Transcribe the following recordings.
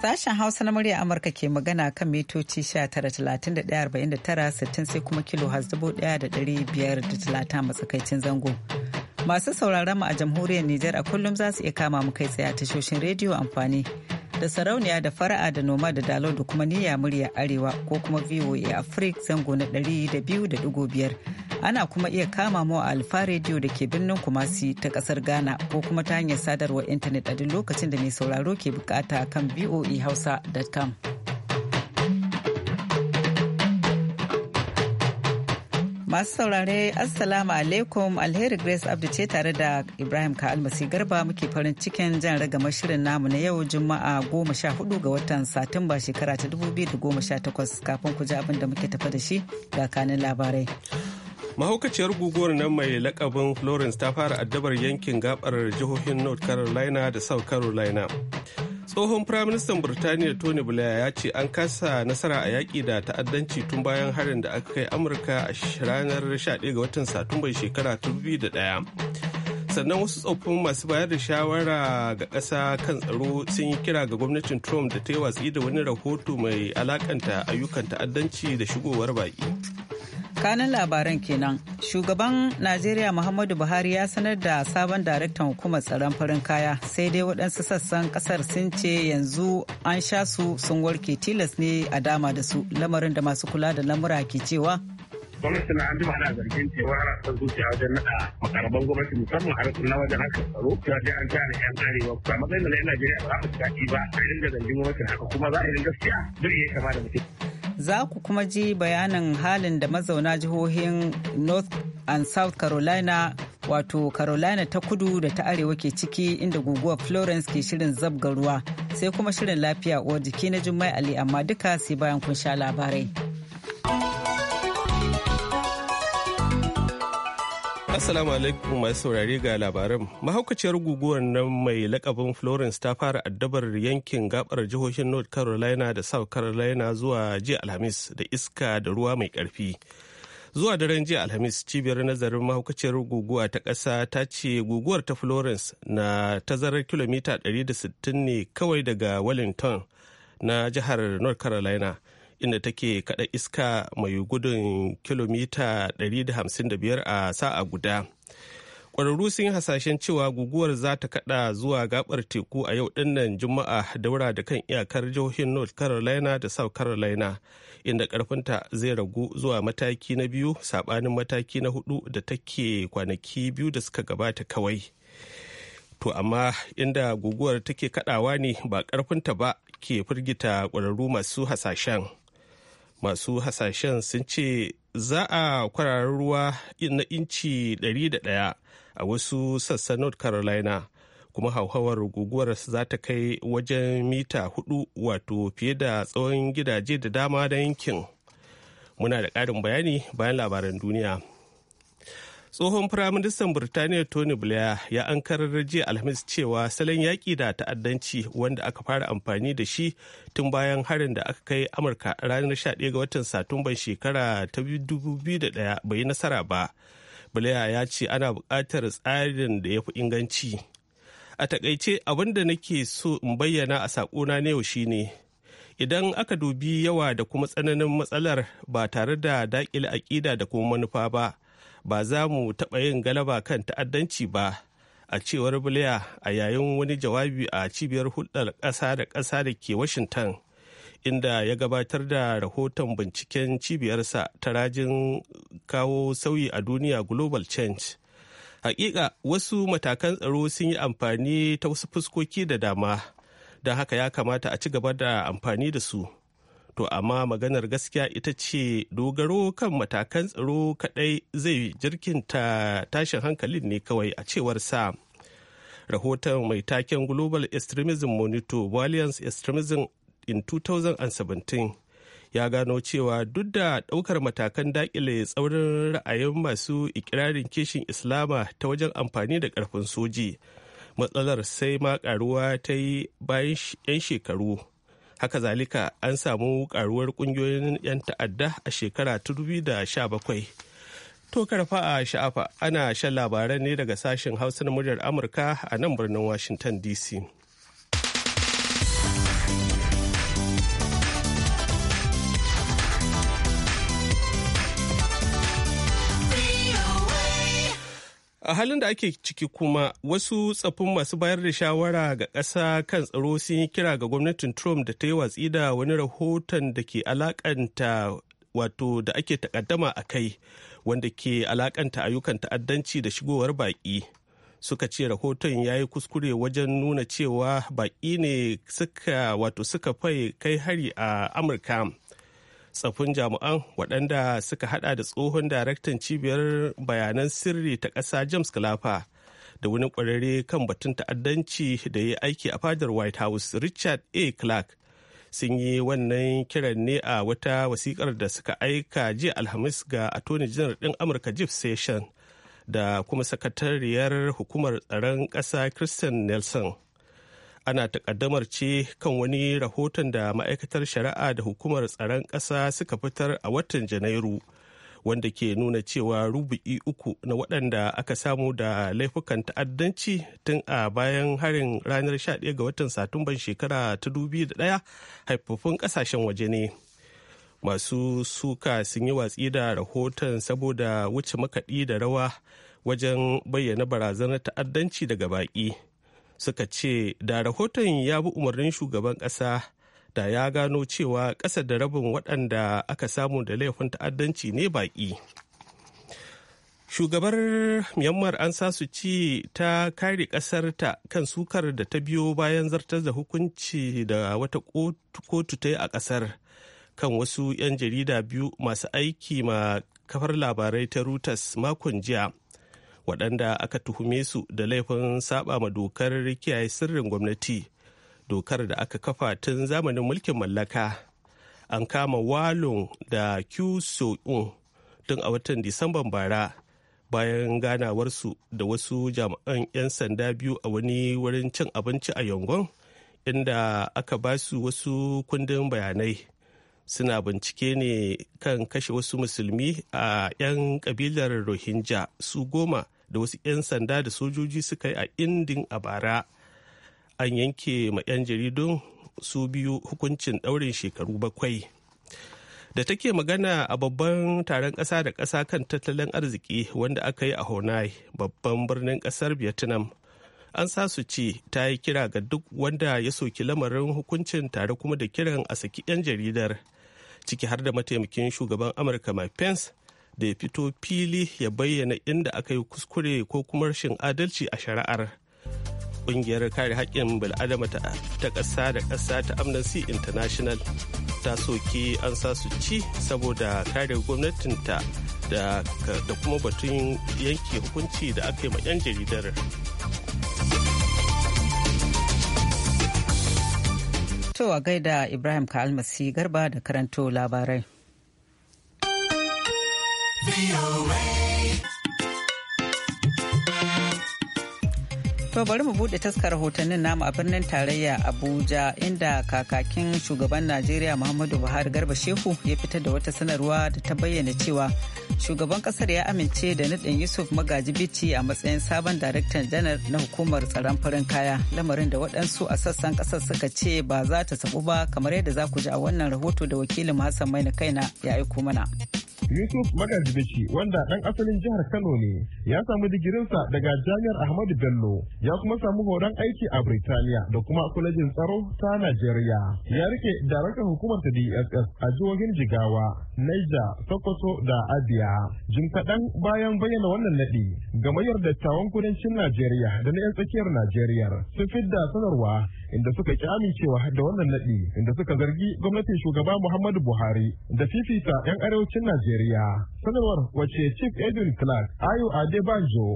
Sashen Hausa na murya Amurka ke magana kan mitoci 19,31,49,60 sai kuma kilo da talata matsakaicin zango. Masu sauraron mu a jamhuriyar Nijar a kullum za su iya kama mu kai tsaye a tashoshin rediyo amfani da sarauniya da fara'a da noma da dalo da kuma niyya murya arewa ko kuma voa africa zango na da da biyu biyar ana kuma iya kama mu a alfa rediyo da ke birnin kumasi ta kasar ghana ko kuma ta hanyar sadarwar intanet a duk lokacin da mai sauraro ke bukata kan voa hausa.com Masu saurare Assalamu alaikum Alheri Grace Abdu ce tare da Ibrahim Ka Almasi Garba muke farin cikin jan ragama shirin namu na yau Juma'a goma sha hudu ga watan Satumba shekara ta dubu biyu da goma sha takwas kafin ku ji abin da muke tafa da shi ga kanin labarai. Mahaukaciyar guguwar nan mai lakabin Florence ta fara addabar yankin gabar jihohin North Carolina da South Carolina. tsohon firaministan birtaniya tony blair ya ce an kasa nasara a yaƙi da ta'addanci tun bayan harin da aka kai amurka a ranar 11 ga watan satumbar shekara 2001 sannan wasu tsoffin masu bayar da shawara ga ƙasa kan tsaro sun yi kira ga gwamnatin trump da ta yi watsi da wani rahoto mai alakanta ayyukan ta'addanci da shigowar baƙi kanan labaran kenan shugaban najeriya muhammadu buhari ya sanar da sabon daraktan hukumar tsaron farin kaya sai dai waɗansu sassan ƙasar sun ce yanzu an sha su sun warke tilas ne a dama da su lamarin da masu kula da lamura ke cewa gwamnati na an jima zargin cewa ana son zuciya wajen naɗa makarban gwamnati musamman a rasu na wajen haka tsaro cewa dai an tare yan arewa ba matsayin da na yan Najeriya ba za su ba a da zargin gwamnati haka kuma za a irin gaskiya duk iya kama da mutum. Za ku kuma ji bayanin halin da mazauna jihohin North and South Carolina wato Carolina ta kudu da ta arewa ke ciki inda guguwar Florence ke shirin zabga ruwa sai kuma shirin lafiya uwar jiki na Jummai Ali amma duka sai bayan kun sha labarai. Assalamu alaikum masu saurare ga labaran. Mahaukaciyar guguwar nan mai lakabin Florence ta fara addabar yankin gabar jihohin North Carolina da South Carolina zuwa jiya Alhamis da iska da ruwa mai karfi. Zuwa daren jiya Alhamis cibiyar nazarin mahaukaciyar guguwa ta ƙasa ta ce guguwar ta Florence na tazarar kilomita 160 ne kawai daga Wellington na jihar North Carolina. inda take kada iska mai gudun kilomita 155 a sa'a guda ƙwararru sun yi hasashen cewa guguwar za ta kada zuwa gabar teku a yau dinnan juma'a daura da kan iyakar jihohin north carolina da south carolina inda karfinta zai ragu zuwa mataki na biyu sabanin mataki na hudu da take kwanaki biyu da suka gabata kawai to amma inda guguwar take kadawa ne ba karfinta ba ke firgita ƙwararru masu hasashen masu hasashen sun ce za a kwararar ruwa na inci 101 a wasu sassan north carolina kuma hauhawar guguwar za ta kai wajen mita hudu wato fiye da tsawon gidaje da dama da yankin muna da ƙarin bayani bayan labaran duniya tsohon firaministan birtaniya tony blair ya an karar jiya alhamis cewa salon yaƙi da ta'addanci wanda aka fara amfani da shi tun bayan harin da aka kai amurka ranar 11 ga watan satumban shekara ta 2001 bai nasara ba blair ya ce ana buƙatar tsarin da ya fi inganci a takaice abin da nake so in bayyana a saƙona na yau shine idan aka dubi yawa da kuma tsananin matsalar ba tare da daƙile aƙida da kuma manufa ba ba za mu taɓa yin galaba kan ta'addanci ba a cewar Blair a yayin wani jawabi a cibiyar hulɗar ƙasa da ƙasa da ke Washington inda ya gabatar da rahoton binciken cibiyarsa ta rajin kawo sauyi a duniya Global Change. hakika wasu matakan tsaro sun yi amfani ta wasu fuskoki da dama don haka ya kamata a ci gaba da amfani da su to amma maganar gaskiya ita ce dogaro kan matakan tsaro kadai zai jirkinta tashin hankalin ne kawai a cewar sa rahoton mai taken global extremism monitor Valiance extremism in 2017 ya gano cewa duk da ɗaukar matakan dakile tsaurin ra'ayin masu ikirarin kishin islama ta wajen amfani da ƙarfin soji matsalar sai ma ƙaruwa ta yi bayan 'yan shekaru haka zalika an samu karuwar kungiyoyin 'yan ta'adda a shekara ta 2017 to karfa a sha'afa ana shan labaran ne daga sashen hausa na muryar amurka a nan birnin washington dc a halin da ake ciki kuma wasu tsafin masu bayar da shawara ga ƙasa kan tsaro sun yi kira ga gwamnatin trump da ta yi watsi da wani rahoton da ke alakanta wato da ake takaddama a kai wanda ke alakanta ayyukan ta'addanci da shigowar baƙi suka ce rahoton ya yi kuskure wajen nuna cewa baƙi ne suka wato suka fai kai hari a amurka tsafin jami'an waɗanda suka hada da tsohon daraktan cibiyar bayanan sirri ta ƙasa james kalafa da wani ƙwararre kan batun ta'addanci da ya aiki a fadar white house richard a clark sun yi wannan kiran ne a wata wasikar da suka aika jiya alhamis ga attorney general ɗin amurka jeff session da kuma sakatariyar hukumar tsaron ƙasa kristen nelson ana takaddamar ce kan wani rahoton da ma'aikatar shari'a da hukumar tsaron ƙasa suka fitar a watan janairu wanda ke nuna cewa rubu'i uku na waɗanda aka samu da laifukan ta'addanci tun a bayan harin ranar 11 ga watan satumban shekara ta dubi da ɗaya haifafun ƙasashen waje ne masu suka sun yi watsi da rahoton saboda wuce makaɗi da rawa wajen bayyana barazanar ta'addanci daga baƙi. suka ce da rahoton ya bi umarnin shugaban ƙasa da ya gano cewa ƙasa da rabin waɗanda aka samu da laifin ta'addanci ne baƙi. Shugabar Myanmar an su ci ta kare ƙasarta kan sukar da ta biyo bayan zartar da hukunci da wata kotu ta yi a ƙasar kan wasu 'yan jarida biyu masu aiki ma kafar labarai ta Reuters makon jiya. waɗanda aka tuhume su da laifin saba ma dokar kiyaye sirrin gwamnati dokar da aka kafa tun zamanin mulkin mallaka an kama walon da so un tun a watan disamban bara bayan ganawarsu da wasu jami'an 'yan sanda biyu a wani wurin cin abinci a yangon inda aka ba su wasu kundin bayanai suna bincike ne kan kashe wasu musulmi a 'yan kabilar rohingya su goma da wasu 'yan sanda da sojoji suka yi a indin a bara an yanke ma 'yan jaridun su biyu hukuncin ɗaurin shekaru bakwai da take magana a babban taron ƙasa da ƙasa kan tattalin arziki wanda aka yi a honai babban birnin ƙasar vietnam an sa su ce ta yi kira ga duk wanda ya soki lamarin hukuncin tare kuma da kiran a saki 'yan jaridar ciki har da mataimakin shugaban amurka mai pence da ya fito fili ya bayyana inda aka yi kuskure ko kuma rashin adalci a shari'ar ƙungiyar kare haƙƙin bil'adama ta ƙasa da ƙasa ta amnesty international ta soke an sa su ci saboda kare gwamnatinta da kuma batun yanke hukunci da aka yi ma 'yan jaridar To a gaida Ibrahim Kalmasi Garba da karanto labarai. To bari mu buɗe taskar rahotannin namu a birnin tarayya Abuja inda kakakin shugaban Najeriya Muhammadu Buhari Garba Shehu ya fitar da wata sanarwa da ta bayyana cewa shugaban kasar ya amince da naɗin Yusuf Magaji Bichi a matsayin sabon daraktan janar na hukumar tsaron farin kaya lamarin da waɗansu a sassan ƙasar suka ce ba za ta sabu ba kamar yadda za ku ji a wannan rahoto da wakilin Hassan Maina kaina ya aiko mana. Yusuf Magajibiki wanda ɗan asalin jihar Kano ne ya samu digirinsa daga Jami'ar Ahmadu Bello ya kuma samu horon aiki a Birtaniya da kuma kwalejin tsaro ta Najeriya. Ya rike darakar hukumar ta DSS a jihohin Jigawa, Niger, Sokoto da Abia. Jim kaɗan bayan bayyana wannan naɗi gamayyar dattawan kudancin Najeriya da na 'yan tsakiyar Najeriya sun fidda sanarwa inda suka ki amincewa da wannan naɗi inda suka zargi gwamnatin shugaba Muhammadu Buhari da fifita 'yan arewacin Najeriya. Sanarwar wace Chief Edwin Clark, Ayo Adebanjo,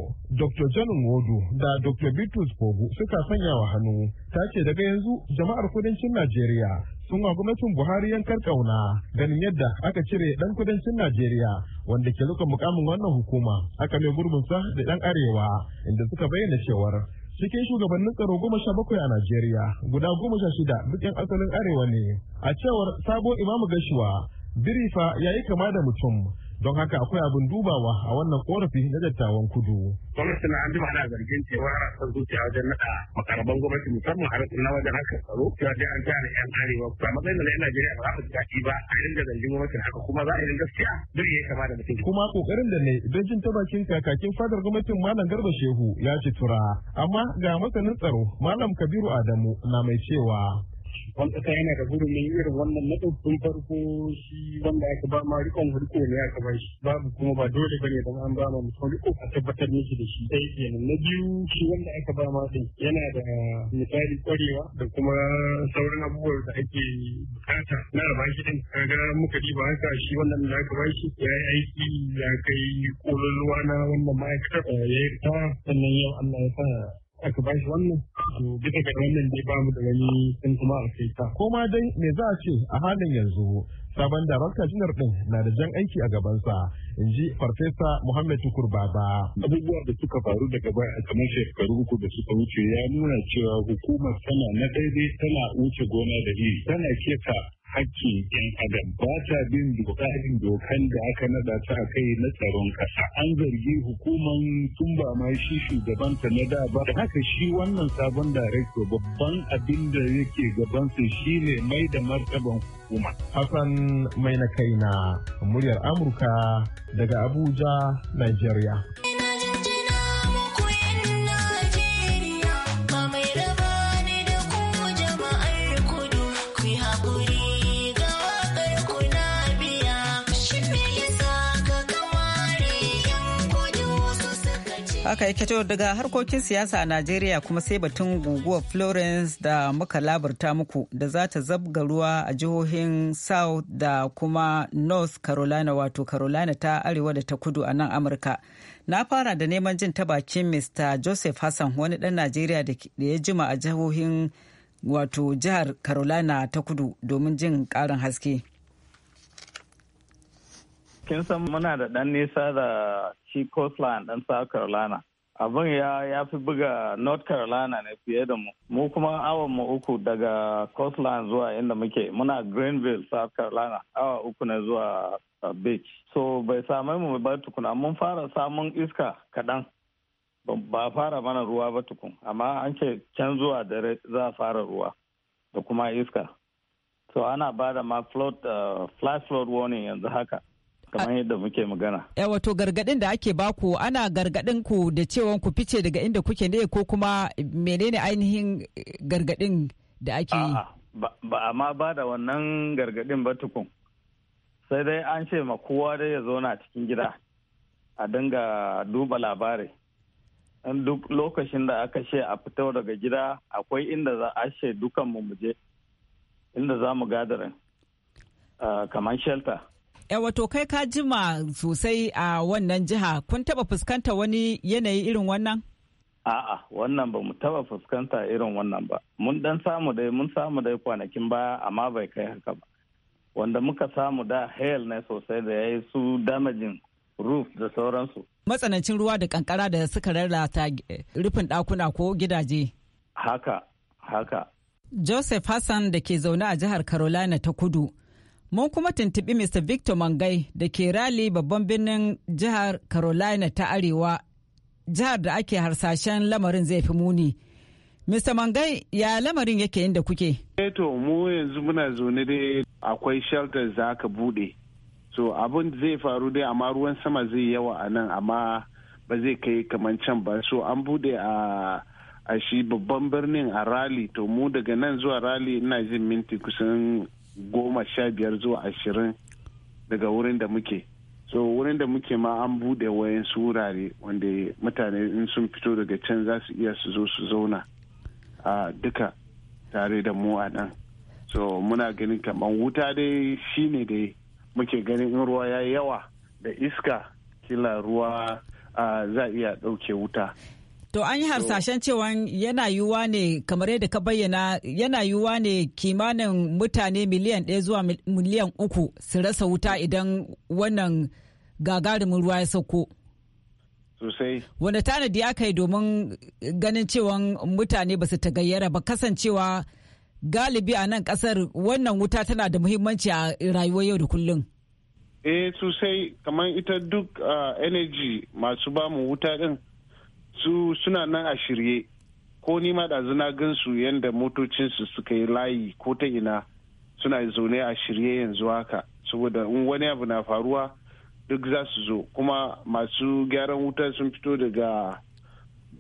Dr. John Wodu da Dr. Bitrus Kogu suka sanya wa hannu ta ce daga yanzu jama'ar kudancin Najeriya sun wa gwamnatin Buhari yankar kauna ganin yadda aka cire dan kudancin Najeriya wanda ke luka mukamin wannan hukuma aka mai gurbinsa da dan arewa inda suka bayyana cewar cikin shugabannin tsaro goma sha bakwai a Najeriya guda goma sha shida duk yan asalin arewa ne a cewar sabon imamu gashuwa birifa ya yi kama da mutum don haka akwai abin dubawa a wannan korafi na dattawan kudu. gwamnati na an duba ana zargin cewa a san zuciya wajen naɗa makarban gwamnati musamman a na wajen haka tsaro cewa dai an tare yan arewa Ba matsayin da na najeriya ba za su ba a irin da zargin gwamnati haka kuma za a yi gaskiya duk ya kama da mutum. kuma kokarin da ne don jin ta bakin kakakin fadar gwamnatin malam garba shehu ya ci tura amma ga masanin tsaro malam kabiru adamu na mai cewa. wanda ta yana da mai irin wannan na farko shi wanda aka ba ma rikon hulko ne aka ba shi babu kuma ba dole bane don an ba ma mutum riko a tabbatar miki da shi ɗaya kenan na biyu shi wanda aka ba ma din yana da misali ƙwarewa da kuma sauran abubuwan da ake bukata na ba shi din kaga muka diba haka shi wannan da aka ba shi ya yi aiki ya kai ƙololuwa na wannan ma'aikatar ya yi ta sannan yau Allah ya sa aka shi wannan to ga wannan dai me za a ce a halin yanzu sabon darakta jinar din na da jan aiki a gabansa in ji farfesa muhammed tukur baba abubuwa da suka faru daga baya kamar shekaru uku da suka wuce ya nuna cewa hukumar tana na daidai tana wuce gona da iri tana keta hakkin yan adam ba ta bin dokarin dokan da aka nada ta kai na tsaron kasa an zargi hukuman tun ba ma shi shugabanta na da ba da haka shi wannan sabon director babban abin da yake gaban su shine mai da martaban hukuma hassan mai na kai na muryar amurka daga abuja nigeria aka yi kyato daga harkokin siyasa a Najeriya kuma sai batun guguwar Florence da muka labarta muku da za ta zabga ruwa a jihohin South da kuma North Carolina wato Carolina ta arewa da ta kudu a nan Amurka. Na fara da neman jin ta bakin Mr. Joseph Hassan wani ɗan Najeriya da ya jima a jihohin wato jihar Carolina ta kudu domin jin ƙarin haske. kin san muna da ɗan nisa da shi coastline ɗan South Carolina. Abin ya ya fi buga North Carolina ne fiye da mu. Mu kuma awan mu uku daga coastline zuwa inda muke muna Greenville, South Carolina. Awa uku ne zuwa uh, beach. So bai same mu ba tukuna mun fara samun iska kaɗan. Ba fara mana ruwa ba tukun amma an ce can zuwa dare za a fara ruwa da kuma iska. So ana ba da ma flood, uh, flash flood warning yanzu haka. kamar yadda muke magana. E wato gargadin da ake baku ana gargadin ku da cewa ku fice daga inda kuke ne ko kuma menene ainihin gargadin da ake yi? Ba a ma ba da wannan gargadin ba tukun. Sai dai an ce ma kowa dai ya zauna cikin gida a dinga duba labari. duk lokacin da aka ce a fito daga gida akwai inda za a ce dukan mu muje inda za mu gadarin ah, kamar shelter. Eh, wato kai ka jima sosai a wannan jiha kun taba fuskanta wani yanayi irin wannan? A'a wannan ba mu taba fuskanta irin wannan ba. Mun dan samu dai mun samu dai kwanakin baya amma bai kai haka ba. Wanda muka samu da hail ne sosai da ya yi su damajin roof da sauransu. Matsanancin ruwa da kankara da suka rarrata eh, rufin ɗakuna ko gidaje. Haka, haka. Joseph Hassan da ke zaune a jihar Carolina ta kudu Mun kuma tuntuɓi Mr. Victor Mangai da ke rali babban birnin jihar Carolina ta Arewa, jihar da ake harsashen lamarin zai fi muni. Mr. Mangai ya lamarin yake inda kuke? Eto eh mu yanzu muna zaune dai akwai shelter za ka bude. So abin zai faru dai amma ruwan sama zai yawa a nan amma ba zai kai kamar can ba. So an bude a a shi babban birnin a rali to mu daga nan zuwa rali ina jin minti kusan goma sha biyar zuwa ashirin daga wurin da muke so wurin da muke ma an bude wayansu wurare wanda mutane in sun fito daga can za su iya su zo su zauna a duka tare da mu a nan so muna ganin kamar wuta dai shine da muke ganin in ruwa ya yawa da iska kila ruwa za a iya ɗauke wuta To an yi harsashen cewa yana yiwuwa ne kamar yadda ka bayyana yana yiwuwa ne kimanin mutane miliyan ɗaya zuwa miliyan uku su rasa wuta idan wannan gagarumin ruwa ya sauko. Sosai. Wanda tanadi aka yi domin ganin cewa mutane ba su tagayyara ba kasancewa galibi a nan kasar wannan wuta tana da muhimmanci a rayuwar yau da kullum. Eh sosai kamar ita duk ah, energy masu bamu wuta din. su suna nan a shirye ko nima da zina gansu yadda motocinsu suka yi layi ko ta ina suna zaune a shirye yanzu haka saboda in wani abu na faruwa duk za su zo kuma masu gyaran wuta sun fito daga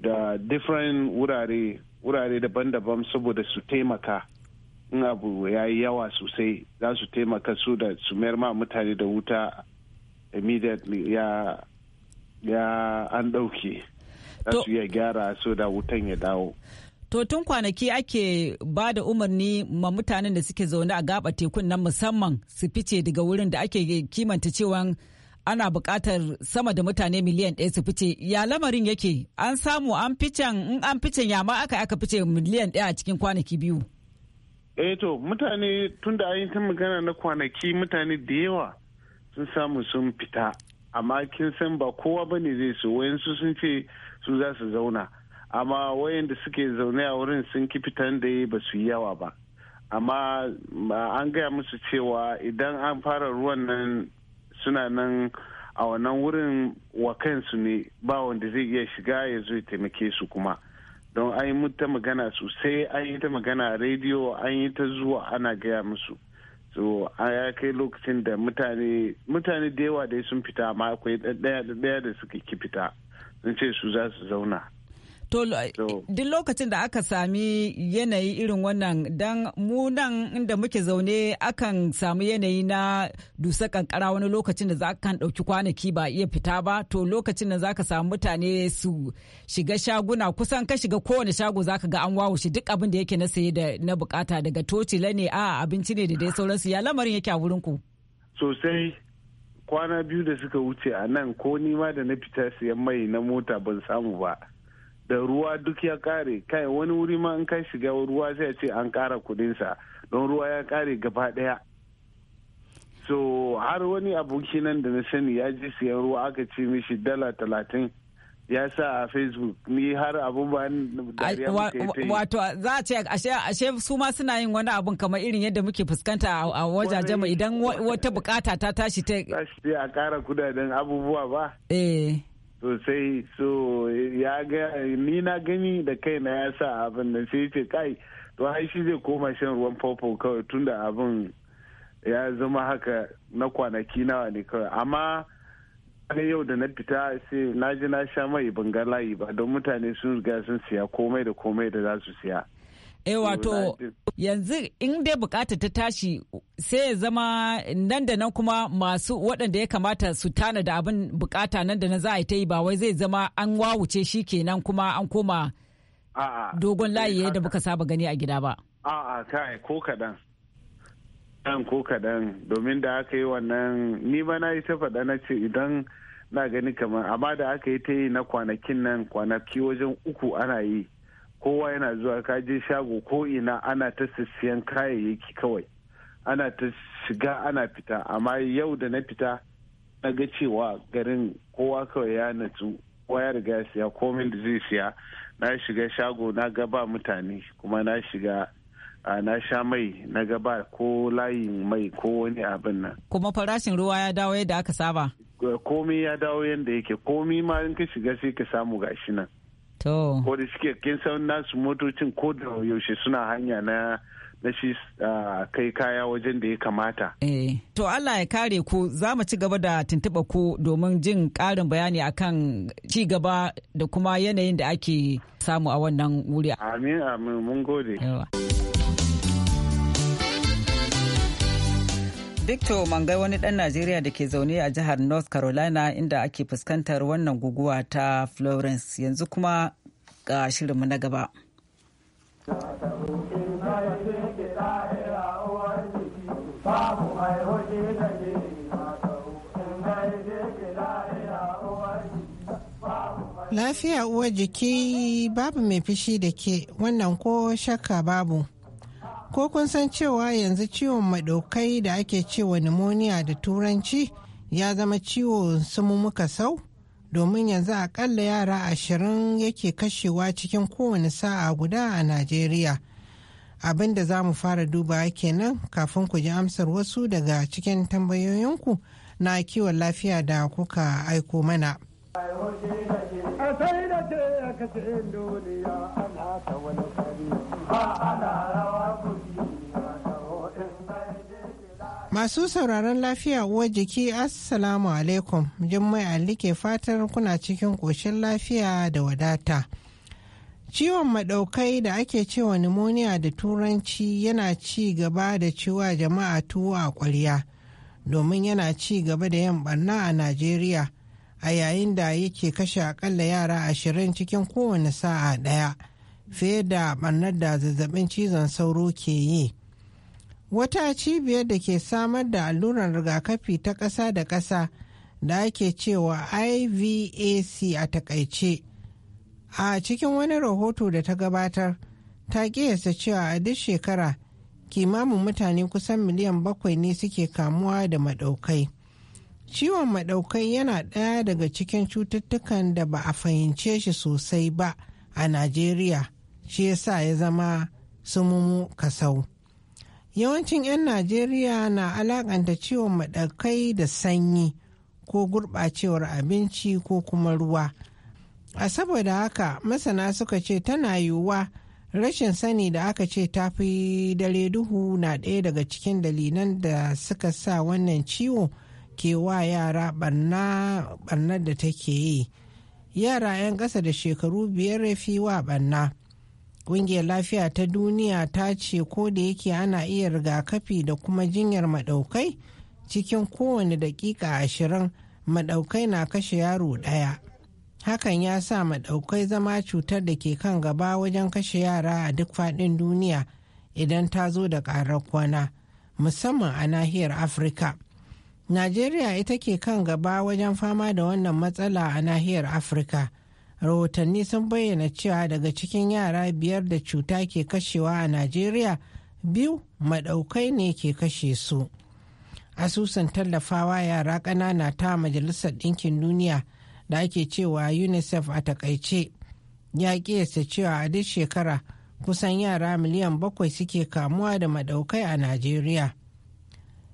da different wurare wurare daban-daban saboda su taimaka in abu ya yi yawa sosai za su taimaka su da su mayar ma mutane da wuta immediately ya an ɗauke. za su iya gyara so da wutan ya dawo to tun kwanaki ake ba da umarni ma mutanen da suke zaune a gaba tekun nan musamman su fice daga wurin da ake kimanta cewa ana buƙatar sama da mutane miliyan ɗaya su fice ya lamarin yake an samu an ficen in an ficen ya ma aka aka fice miliyan ɗaya a cikin kwanaki biyu eh to mutane tun da ta magana na kwanaki mutane da yawa sun samu sun fita amma kin san ba kowa ba ne zai so wayansu sun ce su za su zauna amma wayanda suke zaune a wurin sun ki fitan da ba su yi yawa ba amma an gaya musu cewa idan an fara ruwan nan suna nan a wannan wurin wa kansu ne ba wanda zai iya shiga ya zo ya taimake su kuma don an yi ta magana sosai an yi ta magana a rediyo an yi ta zuwa ana gaya musu so a ya kai lokacin da mutane mutane da yawa dai sun fita amma akwai ɗaya da suka ki fita sun ce su za su zauna To duk lokacin da aka sami yanayi irin wannan don mu inda muke zaune akan sami yanayi na dusa kankara wani lokacin da za kan ɗauki kwanaki ba iya fita ba to lokacin da za ka samu mutane su shiga shaguna kusan ka shiga kowane shago za ka ga an wawo duk abin da yake na saye da na bukata daga tocila ne a abinci ne da dai sauransu ya lamarin yake a wurin ku. Sosai kwana biyu da suka wuce a nan ko nima da na fita siyan mai na mota ban samu ba da ruwa duk ya kare kai wani wuri ma in ka shiga ruwa sai ce an kara kudinsa don ruwa ya kare gaba daya so har wani aboki nan da na sani ya je siyan ruwa aka ce mishi dala talatin ya sa a facebook ni har abubuwan dariya wato za a ce ashe su ma suna yin wani abun kamar irin yadda muke fuskanta a wajajen mu idan wata bukata ta tashi ta tashi a kara kudaden abubuwa ba eh sosai so ya ga ni na gani da kai na ya sa abin da sai ce kai to ai shi zai koma shan ruwan popo kawai tunda abin ya zama haka na kwanaki nawa ne kawai amma ne yau da na fita sai na ji na sha mai ban ga layi ba don mutane sun riga sun siya komai da komai da za su siya eh wato yanzu in dai bukata ta tashi sai ya zama nan da nan kuma masu waɗanda ya kamata su tana da abin bukata nan da na za a yi ta yi ba wai zai zama an wawuce shi kenan kuma an koma dogon layi eh, da muka saba gani a gida ba a'a kai ko kaɗan ɗan ko kaɗan domin da aka yi wannan ni ma na yi ta faɗa na ce idan na gani kamar amma da aka yi ta yi na kwanakin nan kwanaki wajen uku ana yi kowa yana zuwa kaje shago ko ina ana ta sissiyan kayayyaki kawai ana ta shiga ana fita amma yau da na fita na ga cewa garin kowa kawai ya natsu kowa ya riga ya siya komai da zai siya na shiga shago na ga ba mutane kuma na shiga a na sha mai na gaba ko layin mai ko wani abin nan. Kuma farashin ruwa ya dawo yadda aka saba? Komi ya dawo yadda yake komi ma in ka shiga sai ka samu gashi nan. To. Ko da suke kin san nasu motocin ko da yaushe suna hanya na na shi kai kaya wajen da ya kamata. Eh. To Allah ya kare ku za mu ci gaba da tuntuɓa ku domin jin ƙarin bayani akan ci gaba da kuma yanayin da ake samu a wannan wuri. Amin amin mun gode. Victor Mangai wani ɗan Najeriya da ke zaune a jihar North Carolina inda ake fuskantar wannan guguwa ta Florence yanzu kuma ga shirinmu na gaba. Lafiya uwar jiki babu mai fishi da ke wannan ko shakka babu. ko kun san cewa yanzu ciwon maɗaukai da ake cewa pneumonia da turanci ya zama ciwo muka sau domin yanzu akalla yara ashirin yake kashewa cikin kowane sa'a guda a najeriya abin da za mu fara duba kenan kafin ku ji amsar wasu daga cikin tambayoyinku na kiwon lafiya da kuka aiko mana Masu sauraron lafiya uwar jiki Assalamu alaikum Jummai Ali ke fatar kuna cikin ƙoshin lafiya da wadata. Ciwon maɗaukai da ake cewa pneumonia da turanci yana ci gaba da ciwa jama'a tuwo a ƙwarya domin yana ci gaba da yin ɓarna a Najeriya a yayin da yake kashe akalla yara ashirin cikin kowane sa'a ɗaya fiye da ɓarnar da zazzabin cizon sauro ke yi. wata cibiyar da ke samar da alluran rigakafi ta ƙasa da ƙasa da ake cewa ivac a takaice a cikin wani rahoto da ta gabatar ta kiyasta cewa a duk shekara kimamin mutane kusan miliyan bakwai ne suke kamuwa da maɗaukai ciwon maɗaukai yana ɗaya daga cikin cututtukan da ba a fahimce shi sosai ba a najeriya shi yasa ya zama sumumu kasau Yawancin 'yan Najeriya na alakanta ciwon maɗakai da sanyi ko gurɓacewar abinci ko kuma ruwa. A saboda haka masana suka ce tana yiwuwa rashin sani da aka ce tafi dare duhu na ɗaya daga cikin dalilan da suka sa wannan ciwo ke wa yara ɓarnar da take yi. Yara 'yan ƙasa da shekaru biyar fi wa ɓarna. Ƙungiyar lafiya ta duniya ta ce ko da yake ana iya rigakafi da kuma jinyar maɗaukai cikin kowane daƙiƙa ashirin maɗaukai na kashe yaro ɗaya. Hakan ya sa maɗaukai zama cutar da ke kan gaba wajen kashe yara a duk faɗin duniya idan ta zo da ƙarar kwana, musamman a nahiyar Afirka. Najeriya ita ke kan gaba wajen fama da wannan matsala a nahiyar Afirka. rahotanni sun bayyana cewa daga cikin yara biyar da cuta ke kashewa a najeriya biyu maɗaukai ne ke kashe su asusun tallafawa yara ƙanana ta majalisar ɗinkin duniya da ake cewa unicef a takaice ya ƙiyasta cewa a duk shekara kusan yara miliyan bakwai suke kamuwa da maɗaukai a najeriya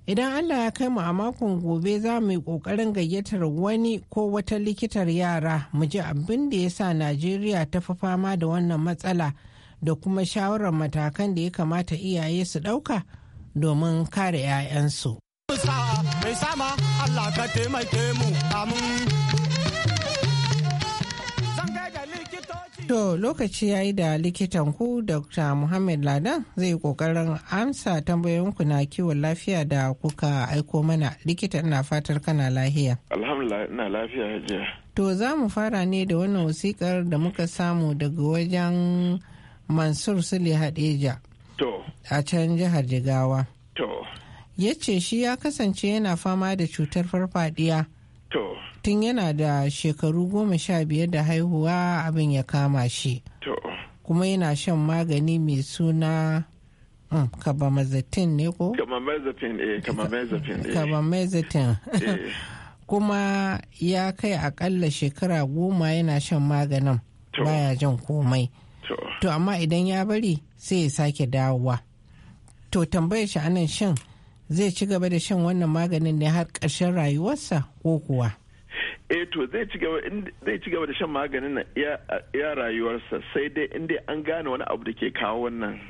Idan Allah ya kai mu a makon gobe za mu yi ƙoƙarin gayyatar wani ko wata likitar yara mu ji abin da ya sa Najeriya ta fi fama da wannan matsala da kuma shawarar matakan da ya kamata iyaye su ɗauka domin kare 'ya'yansu. To lokaci ya yi da likitan ku Dr. Muhammad Ladan zai kokarin amsa tambayoyinku na kiwon lafiya da kuka aiko mana likita na fatar kana lahiya. Alhamdulillah ina lafiya hajiya. To za mu fara ne da wannan wasikar da muka samu daga wajen Mansur Sule Hadeja. To. A can jihar Jigawa. To. Ya ce shi ya kasance yana fama da cutar farfadiya. To. tun yana da shekaru goma sha biyar da haihuwa abin ya kama shi kuma yana shan magani mai suna hmm, kabamazatin ne ko? kabamazatin eh, eh. eh. kuma ya kai akalla shekara goma yana shan maganin baya jan komai to amma idan ya bari sai ya sake dawowa to tambaya shi anan shan zai ci gaba da shan wannan maganin ne har ƙarshen rayuwarsa ko kuwa eh to zai ci gaba da shan maganin ya rayuwarsa sai dai in dai an gane wani abu da ke kawo wannan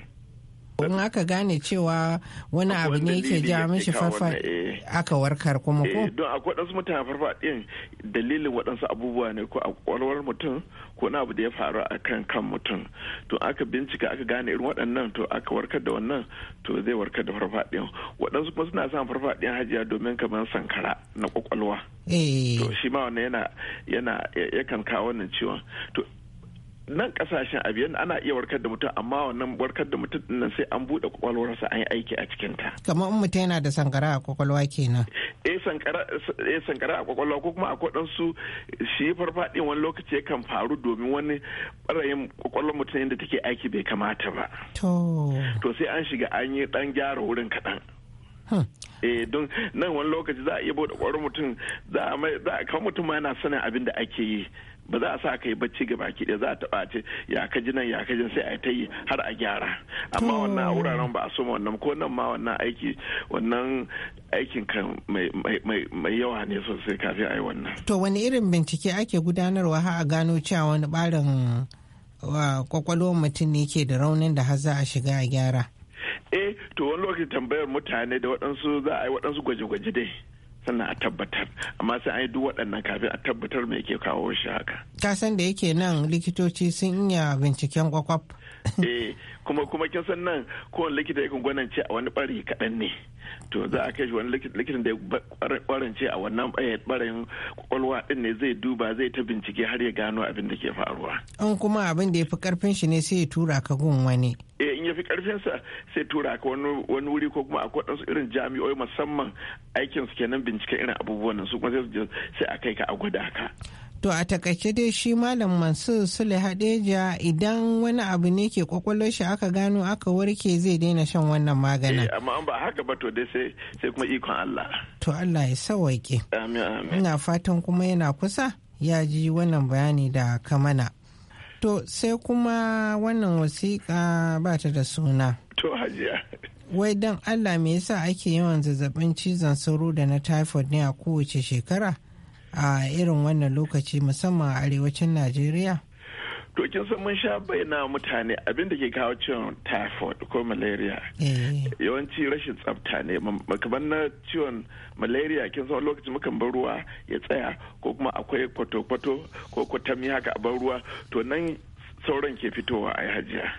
in aka gane cewa wani abu ne yake ja mishi farfa eh. aka warkar kuma ko eh, don akwai wadansu mutane farfa din dalilin wadansu abubuwa ne ko a mutum ko na abu da ya faru a kan kan mutum to aka bincika aka gane irin waɗannan to aka warkar da wannan to zai warkar da din Wadansu kuma suna son din hajiya domin kamar sankara na kwakwalwa eh. to shi ma wannan yana yana yakan kawo wannan ciwon to nan kasashen abiyan ana iya warkar da mutum amma wannan warkar da mutum nan sai an buɗe kwakwalwarsa an yi aiki a cikin ta kamar in mutum yana da sankara a kwakwalwa kenan eh sankara eh, a kwakwalwa ko kuma akwai dan su shi farfadin wani lokaci kan faru domin wani barayin kwakwalwar mutum yadda take aiki bai kamata ba to to sai an shiga an yi dan gyara wurin kaɗan hmm. eh don nan wani lokaci za a iya bude kwarin mutum za a kan mutum ma yana sanin abin da ake yi ba za a sa ka yi bacci ga baki ɗaya za a taɓa ce ya ka ji nan ya ka ji sai a ta yi har a gyara amma wannan wuraren ba a so wannan ko nan ma wannan aiki wannan aikin kan mai yawa ne sosai kafin a yi wannan. To wani irin bincike ake gudanarwa har a gano cewa wani barin kwakwalwar mutum ne ke da raunin da har za a shiga a gyara. eh to wani lokacin tambayar mutane da waɗansu za a yi waɗansu gwaje-gwaje dai sannan a tabbatar amma sai an yi duk waɗannan kafin a tabbatar mai yake kawo shi haka. ka san da yake nan likitoci sun iya binciken kwakwaf. eh kuma kuma kin san nan wani likita yakan gwanance a wani bari kaɗan ne to za a kai shi wani likitan da ya kwarance a wannan barin eh, kwakwalwa din ne zai duba zai ta bincike har ya gano abin da ke faruwa in kuma abin da ya fi karfin shi ne sai ya tura ka gun wani eh in ya fi karfin sa sai tura ka wani wani wuri ko kuma akwai wasu irin jami'oi musamman aikin su kenan bincike irin abubuwan su kuma sai a kai ka a gwada ka To a takaice dai shi Malam Mansur Sule Hadeja idan wani abu ne ke kwakwalon shi aka gano aka warke zai daina shan wannan maganin. Eh, amma an ba haka ba to dai sai kuma ikon Allah. To Allah ya sawaike. Amin amin. Ina fatan kuma yana kusa ya ji wannan bayani da kamana. To sai kuma wannan wasiƙa ba ta da suna. To hajiya. Wai dan Allah me yasa ake yawan zazzabin cizon sauro da na typhoid ne a kowace shekara? a irin wannan lokaci musamman a arewacin najeriya to kin san mun sha bayyana mutane abinda ke kawo ciwon typhoid ko malaria eh. yawanci rashin tsafta ne kamar na ciwon malaria kin san lokacin mukan bar ruwa ya tsaya ko kuma akwai kwato-kwato ko kwatami haka a bar ruwa to nan sauran ke fitowa a yi hajiya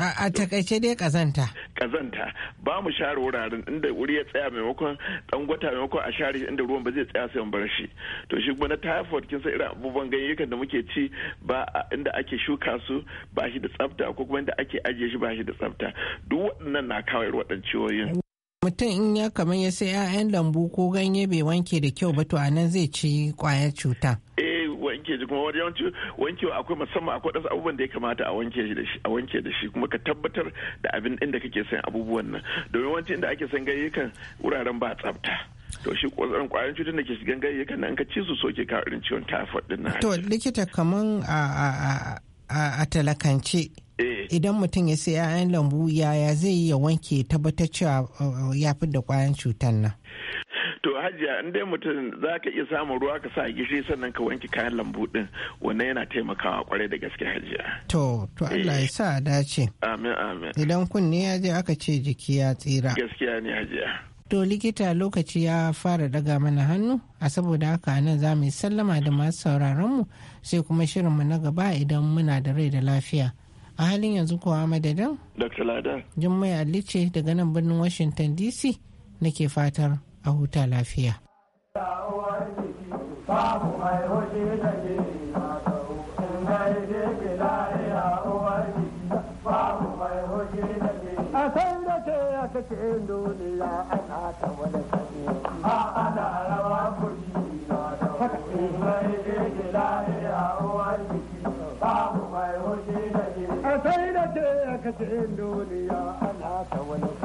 A takaice dai kazanta. Kazanta ba mu share wuraren inda wuri ya tsaya maimakon dan gwata maimakon a share inda ruwan ba zai tsaya sai bar shi. To shi kuma na typhoid kin san irin abubuwan ganyayyakan da muke ci ba inda ake shuka su ba shi da tsafta ko kuma inda ake ajiye shi ba shi da tsafta. Duk waɗannan na kawo waɗannan ciwoyin. mutum in ya kamar ya sai 'ya'yan lambu ko ganye bai wanke da kyau ba to a nan zai ci kwayar cuta. Eh, wanke shi kuma wani yawanci wankewa akwai musamman akwai wasu abubuwan da ya kamata a wanke shi da shi a wanke da shi kuma ka tabbatar da abin inda kake son abubuwan nan domin wancan inda ake son kan wuraren ba tsafta to shi kwazarin kwayan cutar da ke shigan gayyakan nan ka ci su soke ka irin ciwon typhoid din na. to likita kaman a a talakance eh. idan mutum ya sai 'ya'yan lambu yaya zai yi ya wanke tabbatar cewa eh, ya fi da kwayan cutar nan hajiya in dai mutum za ka iya samun ruwa ka sa gishiri sannan ka wanke kayan lambu din wannan yana taimakawa kwarai da gaske hajiya. To, to Allah ya eh. sa dace. Amin amin. Idan kunne ya je aka ce jiki ya tsira. Gaskiya ne hajiya. To likita lokaci ya fara daga mana hannu, a saboda haka nan za mu sallama da masu mu sai kuma shirinmu na gaba idan muna da rai da lafiya. a halin yanzu kowa madadin? Dr. Lada. Jummai Alice daga nan birnin Washington DC nake fatar a huta lafiya. sai da ce aka ce duniya ana ta wani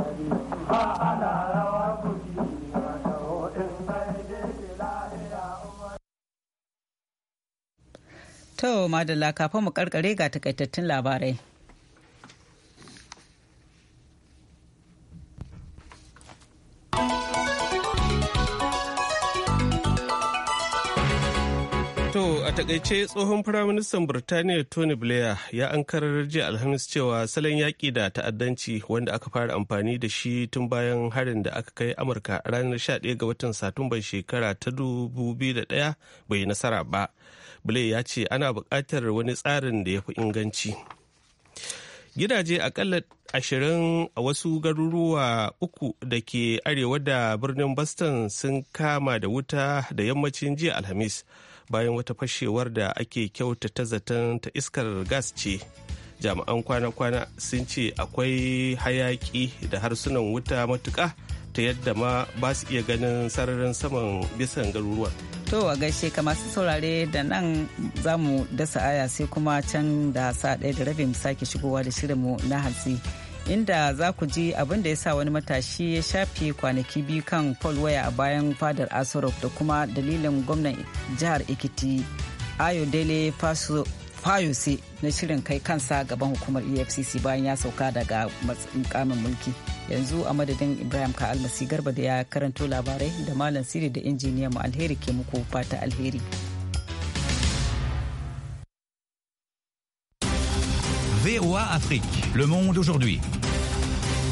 To Madalla kafin mu karkare ga takaitattun labarai. To a takaice tsohon firaministan Birtaniya Tony Blair ya karar jiya Alhamis cewa salon yaƙi da ta'addanci wanda aka fara amfani da shi tun bayan harin da aka kai Amurka ranar 11 ga watan Satumban shekara ta 2001 bai nasara ba. blake ya ce ana buƙatar wani tsarin da ya fi inganci gidaje akalla ashirin a wasu garuruwa uku da ke arewa da birnin boston sun kama da wuta da yammacin jiya alhamis bayan wata fashewar da ake kyautata zaton ta iskar gas ce jami'an kwana-kwana sun ce akwai hayaki da harsunan wuta matuƙa ta yadda ma ba su iya ganin sararin saman bisan garuruwa. To a gaishe ka masu saurare da nan za mu dasa aya sai kuma can da sa ɗaya da rabin sake shigowa da shirinmu na hantsi. Inda za ku ji abin da ya sa wani matashi ya shafe kwanaki biyu kan Paul Waya a bayan fadar Asorok da kuma dalilin gwamnan jihar Ekiti ayo Dele Fayose na shirin kai kansa gaban hukumar EFCC bayan ya sauka daga mukamin mulki. yanzu a madadin ibrahim ka almasi garba da ya karanto labarai da malam siri da injiniya mu alheri ke muku fata alheri VOA Afrique, le monde aujourd'hui.